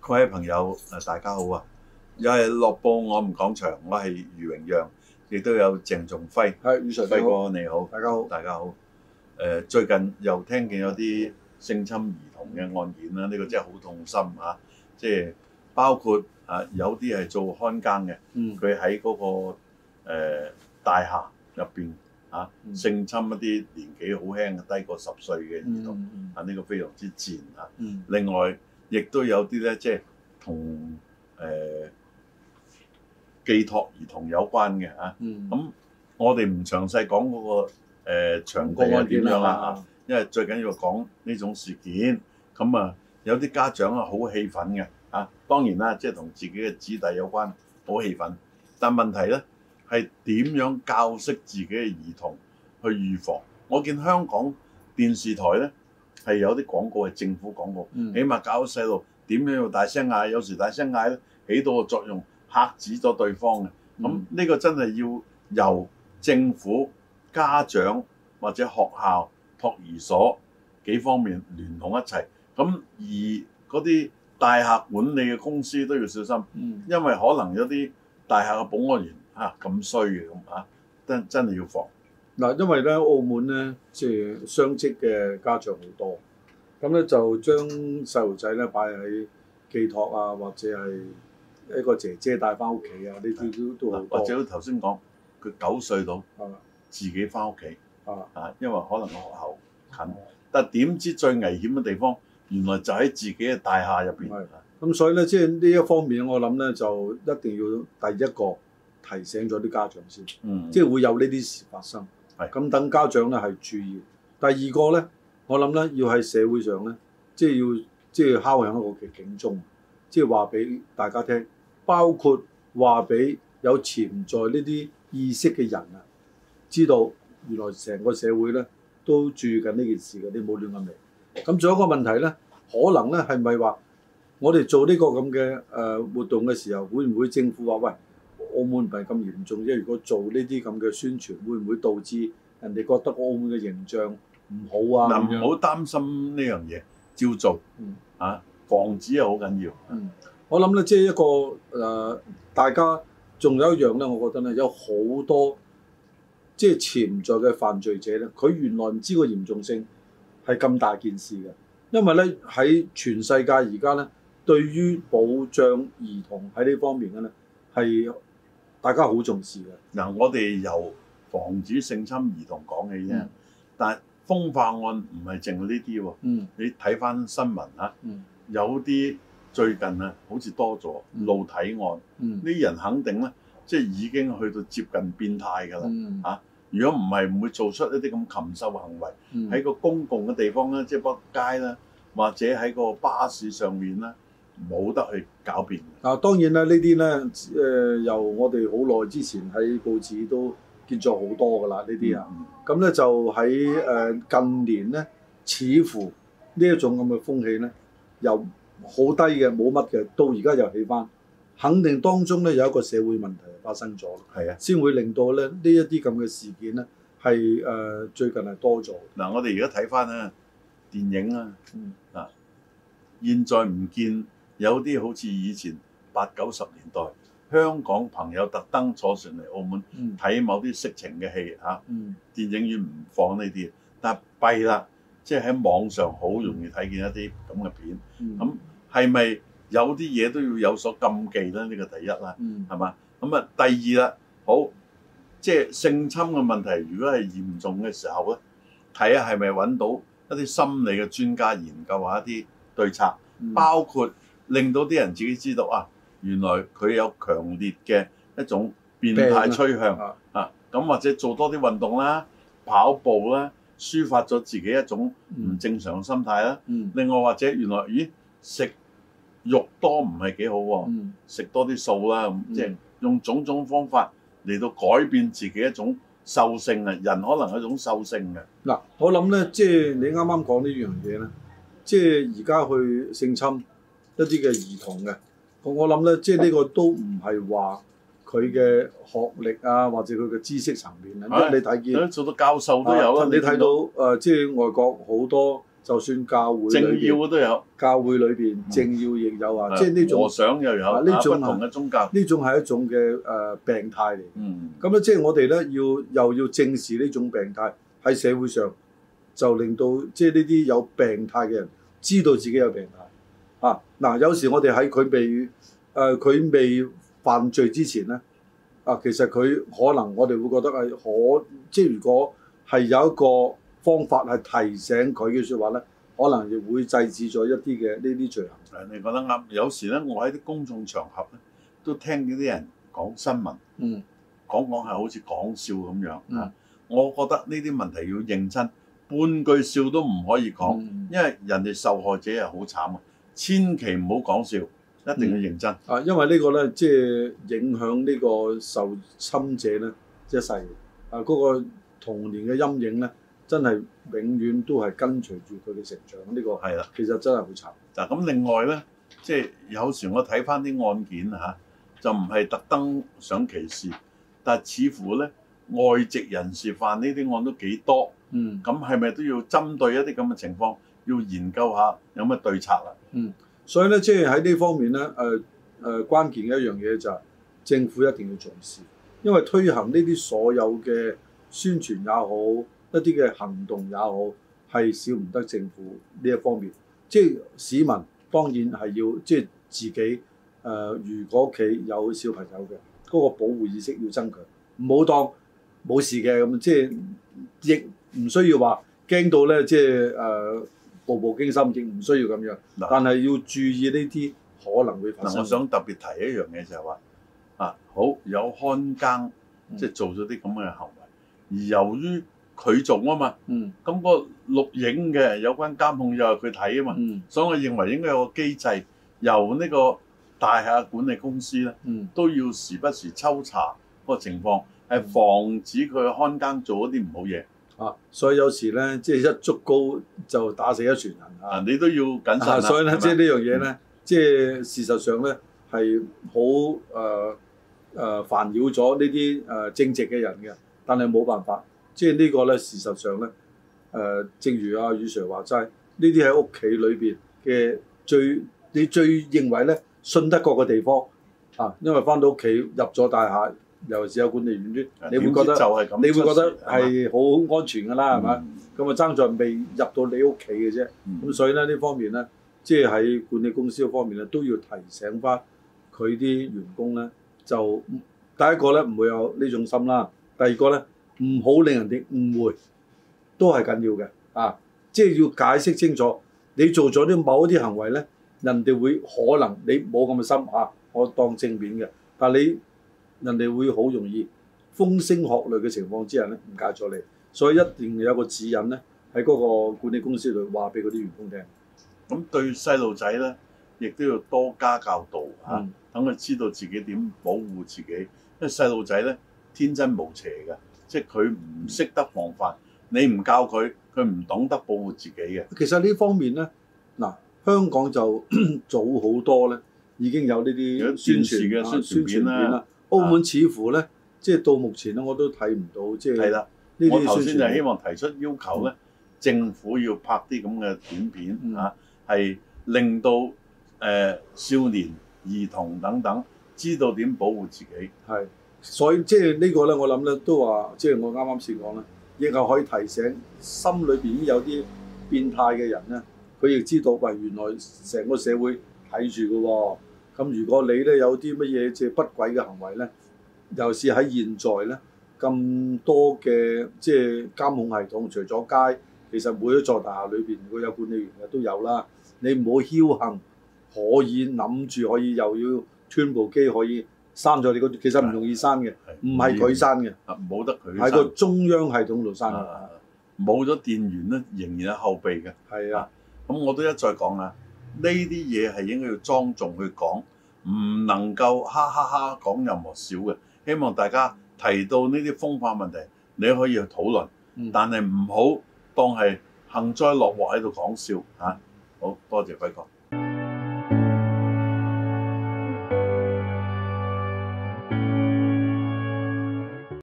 各位朋友，誒，大家好啊！又係樂報，我唔講場，我係余榮陽，亦都有鄭仲輝，係余常輝哥，你好，大家好，大家好。誒，最近又聽見有啲性侵兒童嘅案件啦，呢、這個真係好痛心啊！即係包括啊，有啲係做看更嘅，佢喺嗰個誒大廈入邊。嚇、啊，性侵一啲年紀好輕嘅低過十歲嘅兒童，嗯嗯、啊呢、呢個非常之賤嚇。嗯、另外，亦都有啲咧，即係同誒寄託兒童有關嘅嚇、啊。咁、嗯、我哋唔詳細講嗰、嗰個誒、呃、長哥係點樣啦、啊、嚇，嗯、因為最緊要講呢種事件。咁啊，有啲家長啊好氣憤嘅嚇、啊，當然啦，即係同自己嘅子弟有關，好氣憤。但問題咧？係點樣教識自己嘅兒童去預防？我見香港電視台呢，係有啲廣告係政府廣告，嗯、起碼教細路點樣要大聲嗌，有時大聲嗌咧起到個作用嚇止咗對方嘅。咁呢、嗯、個真係要由政府、家長或者學校、托兒所幾方面聯同一齊。咁而嗰啲大廈管理嘅公司都要小心，嗯、因為可能有啲大廈嘅保安員。嚇咁衰嘅咁嚇，真真係要防嗱、啊，因為咧澳門咧即係雙職嘅家長好多，咁咧就將細路仔咧擺喺寄託啊，或者係一個姐姐帶翻屋企啊，呢啲的都都好多。或者頭先講佢九歲到，的自己翻屋企啊，因為可能個學校近，但係點知最危險嘅地方原來就喺自己嘅大廈入邊。咁所以咧，即係呢一方面，我諗咧就一定要第一個。提醒咗啲家長先，嗯、即係會有呢啲事發生。係咁等家長咧係注意。第二個呢，我諗呢要喺社會上呢，即係要即係敲響一個嘅警鐘，即係話俾大家聽，包括話俾有潛在呢啲意識嘅人啊，知道原來成個社會呢都注意緊呢件事嘅，你冇亂咁嚟。咁仲有一個問題呢，可能呢係咪話我哋做呢個咁嘅誒活動嘅時候，會唔會政府話喂？澳門唔係咁嚴重，即係如果做呢啲咁嘅宣傳，會唔會導致人哋覺得澳門嘅形象唔好啊？唔好、嗯、擔心呢樣嘢，照做嚇、嗯啊，防止係好緊要。嗯、我諗咧，即、就、係、是、一個誒、呃，大家仲有一樣咧，我覺得咧，有好多即係、就是、潛在嘅犯罪者咧，佢原來唔知個嚴重性係咁大件事嘅，因為咧喺全世界而家咧，對於保障兒童喺呢方面嘅咧係。大家好重視嘅。嗱，我哋由防止性侵兒童講起啫。嗯、但係風化案唔係淨係呢啲喎。嗯。你睇翻新聞吓，嗯。有啲最近啊，好似多咗露體案。嗯。呢啲人肯定咧，即係已經去到接近變態㗎啦。嗯、啊。如果唔係，唔會做出一啲咁禽獸嘅行為。喺、嗯、個公共嘅地方咧，即係北街啦，或者喺個巴士上面咧。冇得去狡辯。嗱、啊，當然咧、啊，呢啲咧，誒、呃、由我哋好耐之前喺報紙都見咗好多㗎啦，呢啲啊。咁咧、嗯嗯、就喺誒、呃、近年咧，似乎呢一種咁嘅風氣咧，由好低嘅冇乜嘅，到而家又起翻，肯定當中咧有一個社會問題發生咗。係啊，先會令到咧呢一啲咁嘅事件咧係誒最近係多咗。嗱、啊，我哋而家睇翻啊電影啊，啊、嗯、現在唔見。有啲好似以前八九十年代香港朋友特登坐船嚟澳門睇、嗯、某啲色情嘅戲嚇，啊嗯、電影院唔放呢啲，但係弊啦，即係喺網上好容易睇見一啲咁嘅片。咁係咪有啲嘢都要有所禁忌咧？呢、呢個第一啦，係嘛？咁啊、嗯，第二啦，好，即、就、係、是、性侵嘅問題，如果係嚴重嘅時候咧，睇下係咪揾到一啲心理嘅專家研究或一啲對策，嗯、包括。令到啲人自己知道啊，原來佢有強烈嘅一種變態趨向啊，咁、啊、或者做多啲運動啦，跑步啦，抒發咗自己一種唔正常嘅心態啦。嗯、另外或者原來咦食肉多唔係幾好喎、啊，嗯、食多啲素啦，嗯、即係用種種方法嚟到改變自己一種獸性啊！人可能係一種獸性嘅嗱、嗯，我諗呢，即係你啱啱講呢樣嘢呢，即係而家去性侵。一啲嘅兒童嘅，我我諗咧，即係呢個都唔係話佢嘅學歷啊，或者佢嘅知識層面啊，因為的你睇見，做到教授都有啊。啊你睇到誒，即係、啊就是、外國好多，就算教會正要啊都有，教會裏邊、嗯、政要亦有啊。即係呢種我想又有啊，不同嘅宗教，呢、啊、種係一種嘅誒病態嚟。嗯，咁咧即係我哋咧要又要正視呢種病態，喺社會上就令到即係呢啲有病態嘅人知道自己有病態。啊嗱，有時我哋喺佢未誒佢、呃、未犯罪之前咧，啊其實佢可能我哋會覺得係可，即係如果係有一個方法係提醒佢嘅説話咧，可能亦會制止咗一啲嘅呢啲罪行。誒、啊，你覺得啱？有時咧，我喺啲公眾場合咧，都聽見啲人講新聞，嗯，講講係好似講笑咁樣啊。嗯、我覺得呢啲問題要認真，半句笑都唔可以講，嗯、因為人哋受害者係好慘嘅。千祈唔好講笑，一定要認真。嗯、啊，因為個呢個咧，即係影響呢個受侵者咧一世。啊，嗰、那個童年嘅陰影咧，真係永遠都係跟隨住佢哋成長。呢、這個係啦，其實真係好慘。嗱、啊，咁、啊啊嗯、另外咧，即係有時我睇翻啲案件嚇、啊，就唔係特登想歧視，但係似乎咧外籍人士犯呢啲案都幾多。嗯，咁係咪都要針對一啲咁嘅情況？要研究下有乜對策啦、啊。嗯，所以咧，即係喺呢方面咧，誒、呃、誒、呃，關鍵嘅一樣嘢就係政府一定要重視，因為推行呢啲所有嘅宣傳也好，一啲嘅行動也好，係少唔得政府呢一方面。即、就、係、是、市民當然係要即係、就是、自己誒、呃，如果屋企有小朋友嘅，嗰、那個保護意識要增強，唔好當冇事嘅咁，即係亦唔需要話驚到咧，即係誒。呃步步驚心，亦唔需要咁樣。嗱，但係要注意呢啲可能會發生。嗱，我想特別提一樣嘢就係話，啊，好有看更，即係做咗啲咁嘅行為。而由於佢做啊嘛，嗯，咁個錄影嘅有關監控又係佢睇啊嘛，嗯，所以我認為應該有個機制，由呢個大廈管理公司咧，嗯，都要時不時抽查個情況，係防止佢看更做一啲唔好嘢。啊，所以有時咧，即係一竹篙就打死一船人啊！你都要謹慎，啊、所以咧，嗎即係呢樣嘢咧，嗯、即係事實上咧，係好誒誒煩擾咗呢啲誒正直嘅人嘅。但係冇辦法，即係呢個咧事實上咧誒、呃，正如阿、啊、雨 Sir 話齋，呢啲喺屋企裏邊嘅最你最認為咧信得過嘅地方啊，因為返到屋企入咗大廈。尤其是有管理員啲，你會覺得，就你會覺得係好安全㗎啦，係嘛、嗯？咁啊，爭在未入到你屋企嘅啫。咁、嗯、所以咧，呢方面呢，即係喺管理公司方面呢，都要提醒翻佢啲員工呢。就第一個呢，唔會有呢種心啦，第二個呢，唔好令人哋誤會，都係緊要嘅啊！即、就、係、是、要解釋清楚，你做咗啲某啲行為呢，人哋會可能你冇咁嘅心嚇，我當正面嘅，但你。人哋會好容易風聲鶴唳嘅情況之下咧，誤解咗你，所以一定要有個指引咧，喺嗰個管理公司度話俾嗰啲員工聽。咁對細路仔咧，亦都要多加教導嚇，等、啊、佢、嗯、知道自己點保護自己，嗯、因為細路仔咧，天真無邪嘅，即係佢唔識得防範，嗯、你唔教佢，佢唔懂得保護自己嘅。其實呢方面咧，嗱，香港就 早好多咧，已經有呢啲宣傳嘅宣傳片啦。啊澳門似乎咧，即係到目前咧，我都睇唔到即係。係啦的，我頭先就希望提出要求咧，嗯、政府要拍啲咁嘅短片嚇，係、嗯、令到誒、呃、少年、兒童等等知道點保護自己。係，所以即係呢個咧，我諗咧都話，即係我啱啱先講咧，亦係可以提醒心裏邊有啲變態嘅人咧，佢亦知道，喂，原來成個社會睇住嘅喎。咁如果你咧有啲乜嘢即係不軌嘅行為咧，尤其是喺現在咧咁多嘅即係監控系統，除咗街，其實每一座大廈裏邊會有管理員嘅都有啦。你唔好僥倖，可以諗住可以又要斷部機，可以刪咗你個，其實唔容易刪嘅，唔係佢刪嘅，冇得佢喺個中央系統度刪，冇咗電源咧仍然喺後備嘅。係的啊，咁我都一再講啦。呢啲嘢係應該要莊重去講，唔能夠哈哈哈講任何笑嘅。希望大家提到呢啲風化問題，你可以去討論，但係唔好當係幸災樂禍喺度講笑吓，啊。好多謝輝哥。